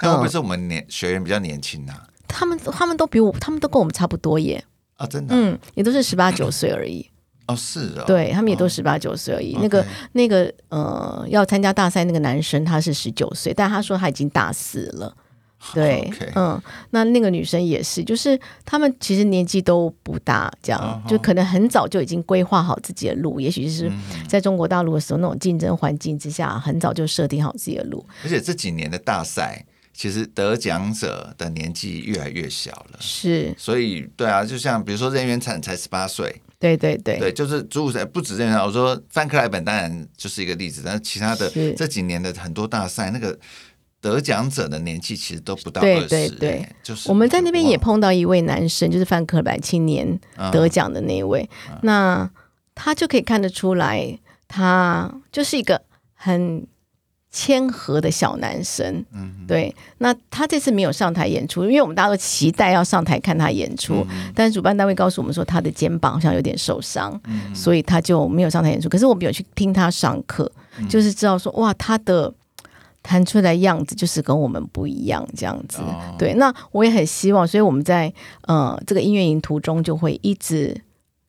特別是我們年、呃、學員比較年輕的、啊、他們他們都比我，他們都跟我們差不多耶啊，真的、啊，嗯，也都是十八九歲而已。 *laughs* 哦，是啊，哦，對他們也都十八九歲而已。那個 okay, 那個，呃，要參加大賽那個男生，他是十九歲，但他說他已經大四了。哦，對，okay, 嗯，那那個女生也是，就是他們其實年紀都不大，這樣，哦，就可能很早就已經規劃好自己的路。哦，也許就是在中國大陸的時候那種競爭環境之下，很早就設定好自己的路。而且這幾年的大賽，其實得獎者的年紀越來越小了。是，所以對啊，就像比如說任元產才十八歲。對對對，對，就是主不止這樣。我說范克萊本當然就是一個例子，但是其他的是這幾年的很多大賽，那個得獎者的年紀其實都不到20歲。對對對，就是我們在那邊也碰到一位男生，就是范克萊青年得獎的那一位，嗯、那他就可以看得出來，他就是一個很謙和的小男生，嗯，對。那他這次沒有上台演出，因為我們大家都期待要上台看他演出，但主辦單位告訴我們說他的肩膀好像有點受傷，所以他就沒有上台演出。可是我們有去聽他上課，就是知道說，哇，他的彈出來樣子就是跟我們不一樣這樣子。對，那我也很希望，所以我們在呃這個音樂營途中就會一直。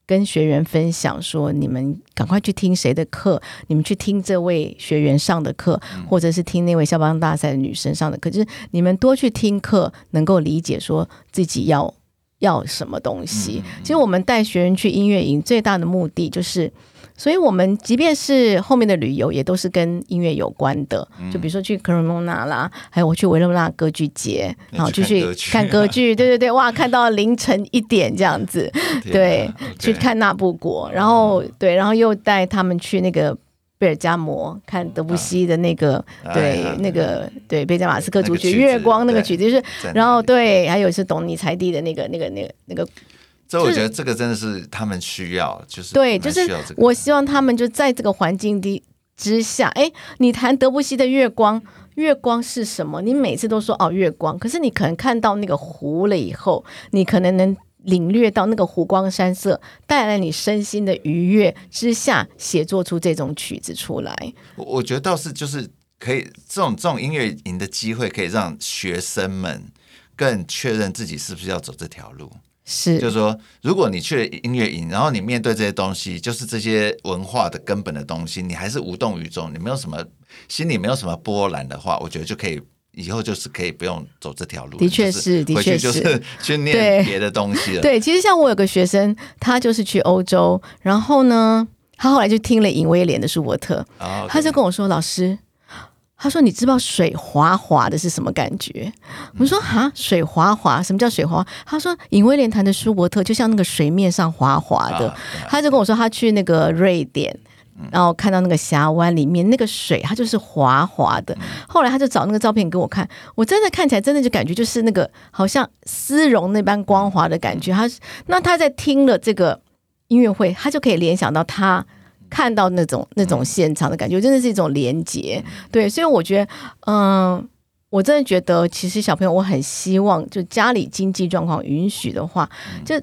跟學員分享說：“你們趕快去聽誰的課，你們去聽這位學員上的課，或者是聽那位蕭邦大賽的女生上的課，就是你們多去聽課，能夠理解說自己要要什麼東西。嗯嗯嗯其實我們帶學員去音樂營最大的目的就是。”所以，我們即便是後面的旅遊，也都是跟音樂有關的。就比如說去克雷莫納啦，還有我去維羅納歌劇節，然後去看歌劇。對對對，哇，看到凌晨一點這樣子，對，去看納布果。然後對，然後又帶他們去那個貝爾加摩看德布西的那個，對，那個對貝加馬斯克組曲、月光那個曲子，就是。然後對，還有是董尼采蒂的那個那個那個那個。所以我覺得這個真的是他們需要，就是需要這個。對，就是我希望他們就在這個環境的之下，哎，你彈德布西的月光，月光是什麼？你每次都說哦月光。可是你可能看到那個湖了以後，你可能能領略到那個湖光山色，帶來你身心的愉悅之下，寫作出這種曲子出來。我我覺得倒是就是可以，這種這種音樂營的機會可以讓學生們更確認自己是不是要走這條路。是，就是說如果你去了音樂營，然後你面對這些東西，就是這些文化的根本的東西，你還是無動於衷，你沒有什麼心裡沒有什麼波瀾的話，我覺得就可以以後就是可以不用走這條路。的確是，的確是，就是去念別對的東西了。對，其實像我有個學生，他就是去歐洲，然後呢，他後來就聽了尹威廉的舒伯特，他就跟我說：“ oh, okay. 老師。”他說：“你知不知道水滑滑的是什麼感覺？”我說：“哈，水滑滑，什麼叫水滑滑？”他說：“尹威廉彈的舒伯特就像那個水面上滑滑的。”啊，啊，他就跟我說：“他去那個瑞典，然後看到那個峽灣裡面那個水，它就是滑滑的。”後來他就找那個照片給我看，我真的看起來真的就感覺就是那個好像絲絨那般光滑的感覺。他那他在聽了這個音樂會，他就可以聯想到他。看到那種那種現場的感覺，真的是一種連接。對，所以我覺得，嗯，我真的覺得，其實小朋友，我很希望，就家裡經濟狀況允許的話，就。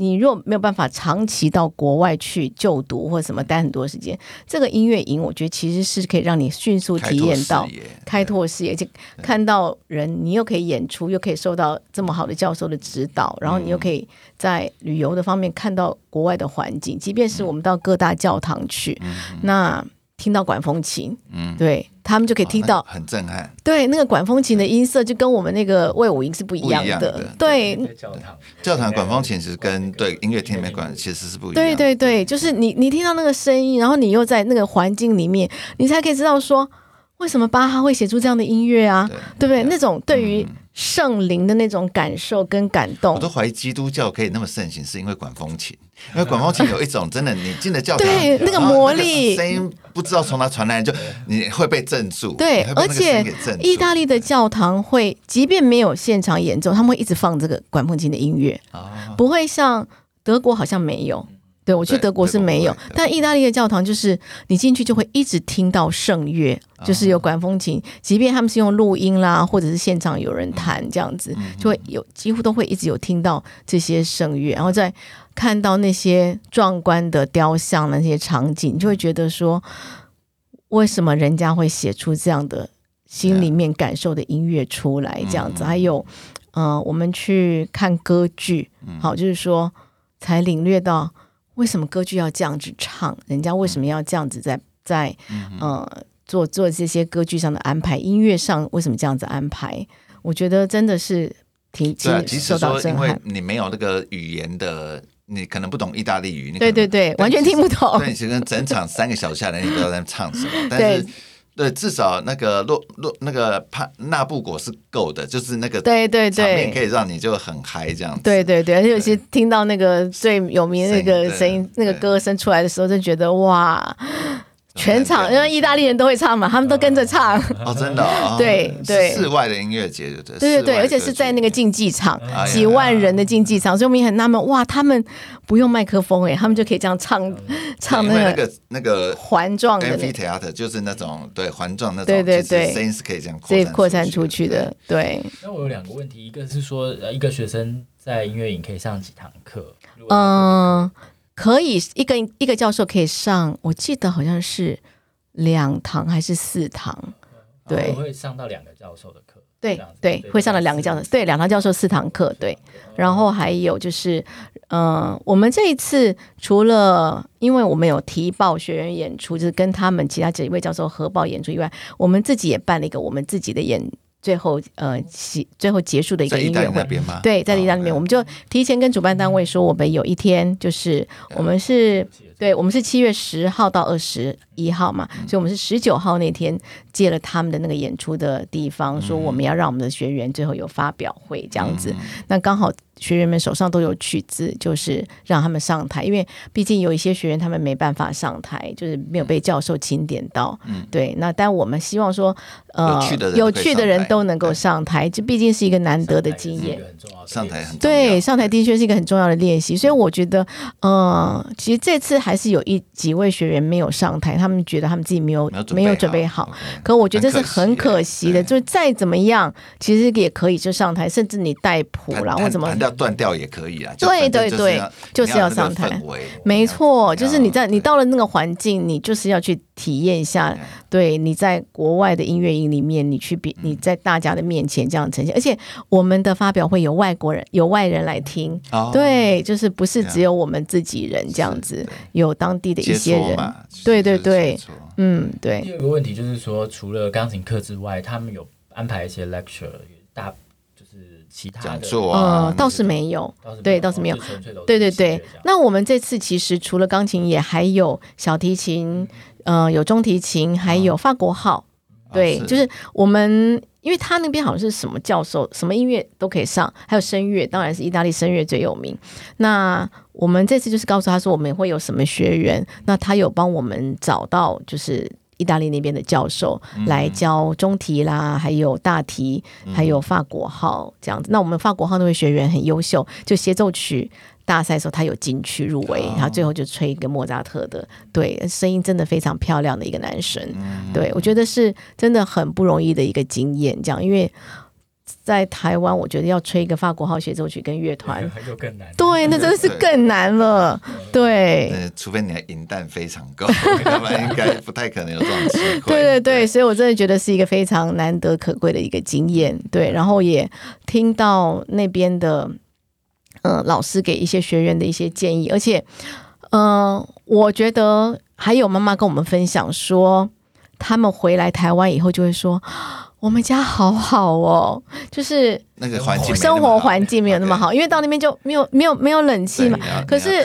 你若沒有辦法長期到國外去就讀或者什麼待很多時間，這個音樂營我覺得其實是可以讓你迅速體驗到開拓視野，就看到人，你又可以演出，又可以受到這麼好的教授的指導，對然後你又可以在旅遊的方面看到國外的環境，即便是我們到各大教堂去，嗯、那。聽到管風琴，嗯，對，他們就可以聽到、哦、很震撼。對，那個管風琴的音色就跟我們那個衛武營是不一樣的。樣的。對，對對教堂，對教堂管風琴其實跟、嗯、對，對音樂廳裡面，管其實是不一樣。對。對對對，就是你你聽到那個聲音，然後你又在那個環境裡面，你才可以知道說。嗯嗯為什麼巴哈會寫出這樣的音樂啊？對，對不對？嗯、那種對於聖靈的那種感受跟感動，我都懷疑基督教可以那麼盛行，是因為管風琴。因為管風琴有一種、嗯、真的，你進了教堂，對那個魔力，聲音不知道從哪傳來，就你會被震住。對，而且意大利的教堂會，即便沒有現場演奏，他們會一直放這個管風琴的音樂，哦、不會像德國好像沒有。對，我去德國是沒有，但意大利的教堂就是你進去就會一直聽到聖樂，對就是有管風琴，即便他們是用錄音啦，或者是現場有人彈這樣子，嗯、就會有幾乎都會一直有聽到這些聖樂，然後再看到那些壯觀的雕像、那些場景，就會覺得說，為什麼人家會寫出這樣的心裡面感受的音樂出來？這樣子，啊、還有，嗯、呃，我們去看歌劇，嗯、好，就是說才領略到。為什麼歌劇要這樣子唱？人家為什麼要這樣子在在嗯哼、呃、做做這些歌劇上的安排？音樂上為什麼這樣子安排？我覺得真的是挺其實受到震撼。啊、因為你沒有那個語言的，你可能不懂意大利語，你對對對，完全聽不懂。那你其實整場三個小時下來，你不知道在唱什麼。但是。對，至少那個洛洛那個帕納布果是夠的，就是那個對對對，場面可以讓你就很嗨這樣子對對對對對。對對對，對而且有些聽到那個最有名的那個聲音、對那個歌聲出來的時候，就覺得哇。全場因為意大利人都會唱嘛，他們都跟着唱哦，真的，對對，室外的音樂節，對對對，而且是在那個競技場，幾萬人的競技場，所以我們也很納悶，哇，他們不用麥克風哎，他們就可以這樣唱唱那個那個環狀的，就是那種對環狀那種，對對對，聲音是可以這樣這擴散出去的，對。那我有兩個問題，一個是說，呃，一個學生在音樂營可以上幾堂課？嗯。可以，一個一個教授可以上，我記得好像是兩堂還是四堂？對，會上到兩個教授的課。對對，會上到兩個教授，四，對兩堂教授四堂課。四堂課對，然後還有就是，嗯、呃，我們這一次除了，因為我們有提報學員演出，就是跟他們其他幾位教授合報演出以外，我們自己也辦了一個我們自己的演。最後，呃，最最後結束的一個音樂會，對，在禮堂裡面，oh, okay. 我們就提前跟主辦單位說，我們有一天就是 Yeah. 我們是。對，我們是七月十號到二十一號嘛，嗯、所以我們是十九號那天借了他們的那個演出的地方，嗯、說我們要讓我們的學員最後有發表會這樣子。嗯、那剛好學員們手上都有曲子，就是讓他們上台，因為畢竟有一些學員他們沒辦法上台，就是沒有被教授欽點到。嗯，對，那但我們希望說，呃，有趣，有趣的人都能夠上台，這、嗯、畢竟是一個難得的經驗。上台很重要，嗯、上台很重要對，對上台的確是一個很重要的練習。所以我覺得，嗯、呃，其實這次還。還是有一幾位學員沒有上台，他們覺得他們自己沒有沒有準備好。可我覺得這是很可惜的，就是再怎麼樣，其實也可以就上台，甚至你帶譜啦或者怎麼，斷掉也可以啊。對對對，就是要上台，沒錯，就是你在你到了那個環境，你就是要去體驗一下。對，你在國外的音樂營裡面，你去比你在大家的面前這樣呈現，而且我們的發表會有外國人有外人來聽，對，就是不是只有我們自己人這樣子。有當地的一些人，對對對，嗯對。第二個問題就是說，除了鋼琴課之外，他們有安排一些 lecture 大，就是其他的講座，嗯，倒是沒有，對，倒是沒有，純粹都是。對對對。那我們這次其實除了鋼琴，也還有小提琴，呃，有中提琴，還有法國號。對，就是我們，因為他那邊好像是什麼教授，什麼音樂都可以上，還有聲樂，當然是意大利聲樂最有名。那我們這次就是告訴他說，我們會有什麼學員。那他有幫我們找到，就是意大利那邊的教授來教中提啦，還有大提，還有法國號這樣子。那我們法國號那位學員很優秀，就協奏曲大賽的時候他有進去入圍，然後最後就吹一個莫扎特的，對，聲音真的非常漂亮的一個男神。對，我覺得是真的很不容易的一個經驗，這樣因為。在台灣，我覺得要吹一個法國號協奏曲跟樂團，又更難。對，那真的是更難了。對，對對除非你的銀彈非常夠，要不然應該不太可能有這種機會。對對對，對所以我真的覺得是一個非常難得可貴的一個經驗。對，然後也聽到那邊的，嗯、呃，老師給一些學員的一些建議，而且，嗯、呃，我覺得還有媽媽跟我們分享說，他們回來台灣以後就會說。我們家好好哦，就是那個環境，生活環境沒有那麼好，麼好因為到那邊就沒有沒有沒有冷氣嘛。可是，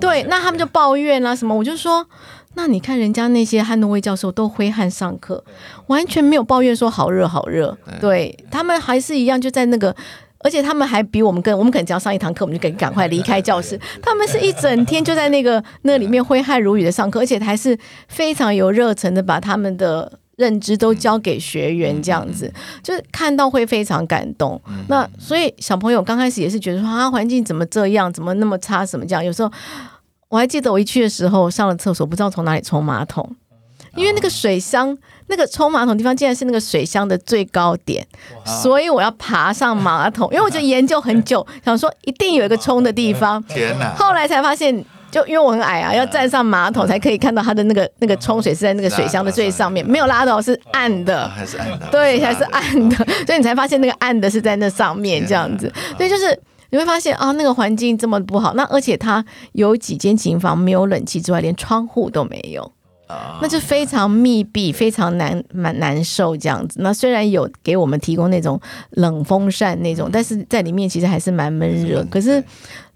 對，那他們就抱怨啦、啊，什麼？我就說，對那你看人家那些漢諾威教授都揮汗上課，對完全沒有抱怨說好熱好熱。對，對他們還是一樣就在那個，而且他們還比我們更，我們可能只要上一堂課我們就趕趕快離開教室，他們是一整天就在那個那裡面揮汗如雨的上課，而且還是非常有熱忱的把他們的。認知都交給學員，這樣子、嗯嗯、就是看到會非常感動。嗯、那所以小朋友剛開始也是覺得說啊，環境怎麼這樣，怎麼那麼差，怎麼這樣？有時候我還記得我一去的時候上了廁所，不知道從哪裡沖馬桶，因為那個水箱、哦、那個沖馬桶的地方竟然是那個水箱的最高點，哇所以我要爬上馬桶。因為我就研究很久，嗯、想說一定有一個沖的地方。天哪、啊，後來才發現。就因為我很矮啊，要站上馬桶才可以看到它的那個那個沖水是在那個水箱的最上面，沒有拉到是暗的，對，還是暗的，所以你才發現那個暗的是在那上面這樣子。所以就是你會發現啊，那個環境這麼不好。那而且它有幾間琴房沒有冷氣之外，連窗戶都沒有啊，那就非常密閉，非常難蠻難受這樣子。那雖然有給我們提供那種冷風扇那種，但是在裡面其實還是蠻悶熱，嗯、可是。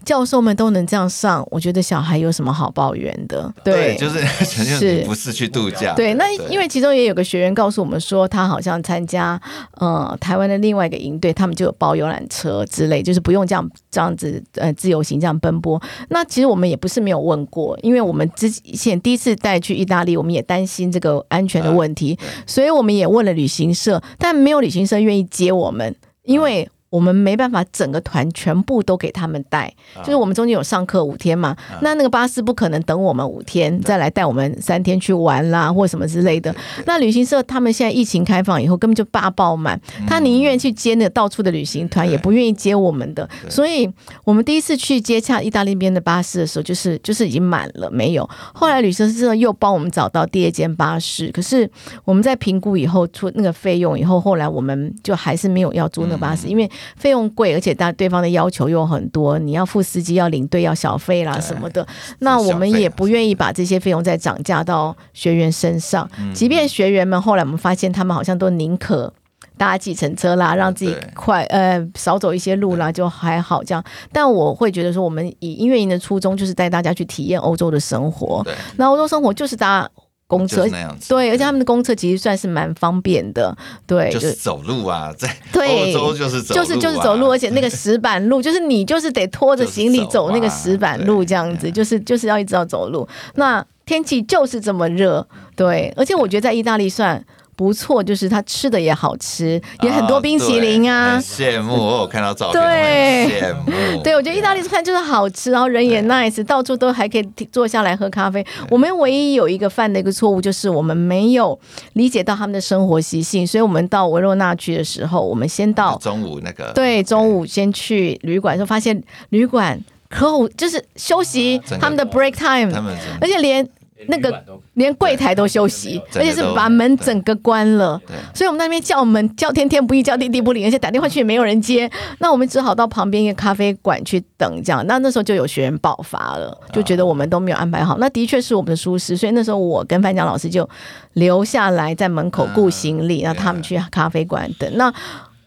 教授們都能這樣上，我覺得小孩有什麼好抱怨的？對，對就是， *laughs* 就是不是去度假？對，那因為其中也有個學員告訴我們說，他好像參加呃台灣的另外一個營隊，他們就有包遊覽車之類，就是不用這樣這樣子呃自由行這樣奔波。那其實我們也不是沒有問過，因為我們之前第一次帶去意大利，我們也擔心這個安全的問題，嗯、所以我們也問了旅行社，但沒有旅行社願意接我們，因為、嗯。我們沒辦法整個團全部都給他們帶，啊、就是我們中間有上課五天嘛，啊、那那個巴士不可能等我們五天，啊、再來帶我們三天去玩啦或什麼之類的。對對對，那旅行社他們現在疫情開放以後根本就八爆滿，嗯、他寧願去接那到處的旅行團也不願意接我們的。所以我們第一次去接洽意大利邊的巴士的時候，就是就是已經滿了沒有。後來旅行社又幫我們找到第二間巴士，可是我們在評估以後出那個費用以後，後來我們就還是沒有要租那個巴士，嗯、因為。費用貴，而且大家對方的要求又很多，你要付司機、要領隊、要小費啦什麼的。對那我們也不願意把這些費用再漲價到學員身上。嗯、即便學員們後來我們發現，他們好像都寧可搭計程車啦，讓自己快對呃少走一些路啦，就還好這樣。但我會覺得說，我們以音樂營的初衷就是帶大家去體驗歐洲的生活。對那歐洲生活就是大家。公車那樣子，對，而且他們的公車其實算是蠻方便的，對，就是走路啊，對在歐洲就是走路、啊，就是就是走路，而且那個石板路， *laughs* 就是你就是得拖着行李走那個石板路，啊、這樣子，對就是就是要一直要走路。對那天氣就是這麼熱，對，而且我覺得在意大利算。不錯，就是他吃的也好吃，哦、也很多冰淇淋啊。羨慕，我有看到照片，對，羨慕。 *laughs* 對我覺得意大利餐就是好吃，然後人也 nice，對到處都還可以坐下來喝咖啡。對我們唯一有一個犯的一個錯誤就是我們沒有理解到他們的生活習性，所以我們到維羅納去的時候，我們先到中午那個對，中午先去旅館，就對發現旅館可就是休息他們的 break time，、啊、的而且連。那個連櫃檯都休息，而且是把門整個關了，所以我們那邊叫門叫天天不應，叫地地不靈，而且打電話去也沒有人接，對那我們只好到旁邊一個咖啡館去等。這樣，那那時候就有學員爆發了，就覺得我們都沒有安排好。哦、那的確是我們的疏失，所以那時候我跟范江老師就留下來在門口顧行李，那、嗯、讓他們去咖啡館等。那。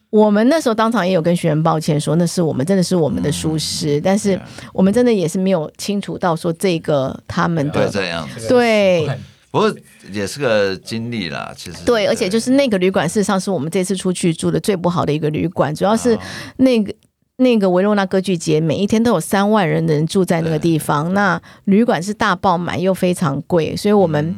我們那時候當場也有跟學員抱歉說，那是我們真的是我們的疏失，嗯、但是我們真的也是沒有清楚到說這個他們的這樣子。對，啊、對，不過也是個經歷啦，其實。對，對對，而且就是那個旅館，事實上是我們這次出去住的最不好的一個旅館。主要是那個、哦、那個維羅納歌劇節，每一天都有三萬人的人住在那個地方，那旅館是大爆滿又非常貴，所以我們、嗯。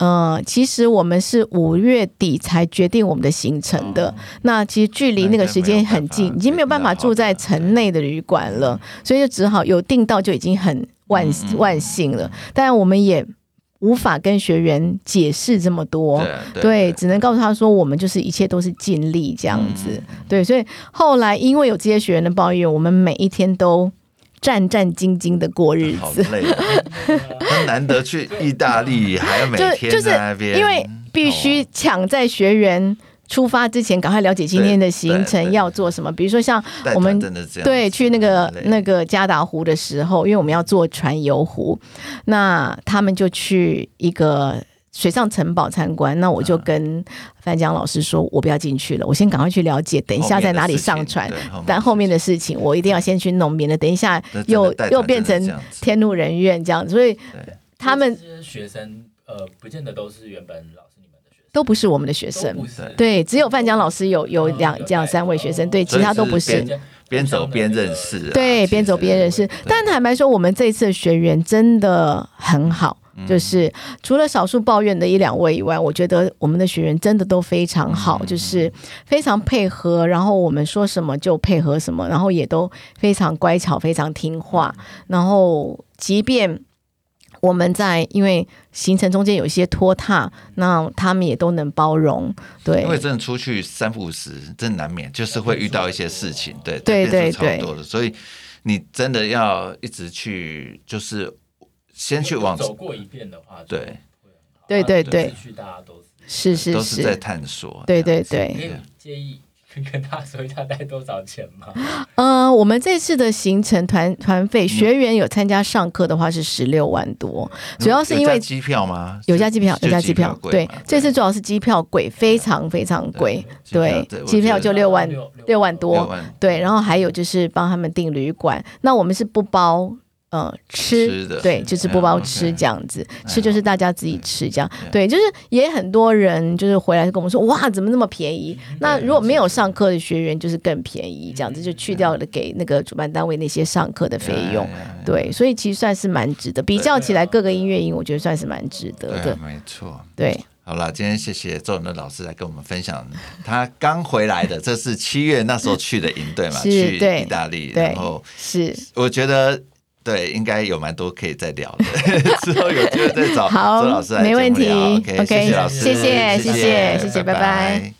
嗯、呃，其實我們是五月底才決定我們的行程的。嗯、那其實距離那個時間很近，已經沒有辦法住在城內的旅館了，對所以就只好有訂到就已經很萬、嗯、萬幸了。但我們也無法跟學員解釋這麼多，對，對對只能告訴他說，我們就是一切都是盡力這樣子。嗯、對，所以後來因為有這些學員的抱怨，我們每一天都戰戰兢兢的過日子，嗯，好累。 *laughs* 難得去意大利，還要每天在那邊，就是因為必須搶在學員出發之前，趕快了解今天的行程要做什麼。比如說，像我們真的這樣，對，去那個那個加達湖的時候，因為我們要坐船遊湖，那他們就去一個。水上城堡參觀，那我就跟范江老師說，我不要進去了，我先趕快去了解，等一下在哪裡上船，但後面的事情我一定要先去弄，免得，等一下又又變成天怒人怨這樣，所以他們這些學生呃，不見得都是原本老師你們的學生，都不是我們的學生，對，只有范江老師有有兩這樣三位學生，對，其他都不是。邊走邊認識，對，邊走邊認識。但坦白說，我們這次學員真的很好。就是除了少數抱怨的一兩位以外，我覺得我們的學員真的都非常好，嗯、就是非常配合，然後我們說什麼就配合什麼，然後也都非常乖巧、非常聽話。然後，即便我們在因為行程中間有一些拖沓，那他們也都能包容。對，因為真的出去三不五時，真難免就是會遇到一些事情，對對對對，對對對對，所以你真的要一直去就是。先去往走過一遍的話，對，對對對，是是是在探索，對對對。介意跟跟他說一下帶多少錢嗎？嗯，我們這次的行程團團費，學員有參加上課的話是十六萬多。主要是因為機票嗎？有加機票，有加機票，對，這次主要是機票貴，非常非常貴，對，機票就六萬六萬多，對，然後還有就是幫他們訂旅館，那我們是不包。嗯，吃的對，就是不包吃這樣子，吃就是大家自己吃這樣。對，就是也很多人就是回來跟我們說，哇，怎麼那麼便宜？那如果沒有上課的學員，就是更便宜這樣子，就去掉了給那個主辦單位那些上課的費用。對，所以其實算是蠻值得。比較起來，各個音樂營我覺得算是蠻值得的。沒錯。對，好了，今天謝謝周永樂老師來跟我們分享，他剛回來的，這是七月那時候去的營，對嗎？去意大利，然後是我覺得。對，應該有蠻多可以再聊的， *laughs* *laughs* 之後有機會再找 *laughs* 好周老師來聊沒問題。OK，OK，謝謝老師，謝謝，謝謝，謝謝，謝謝拜拜。拜拜。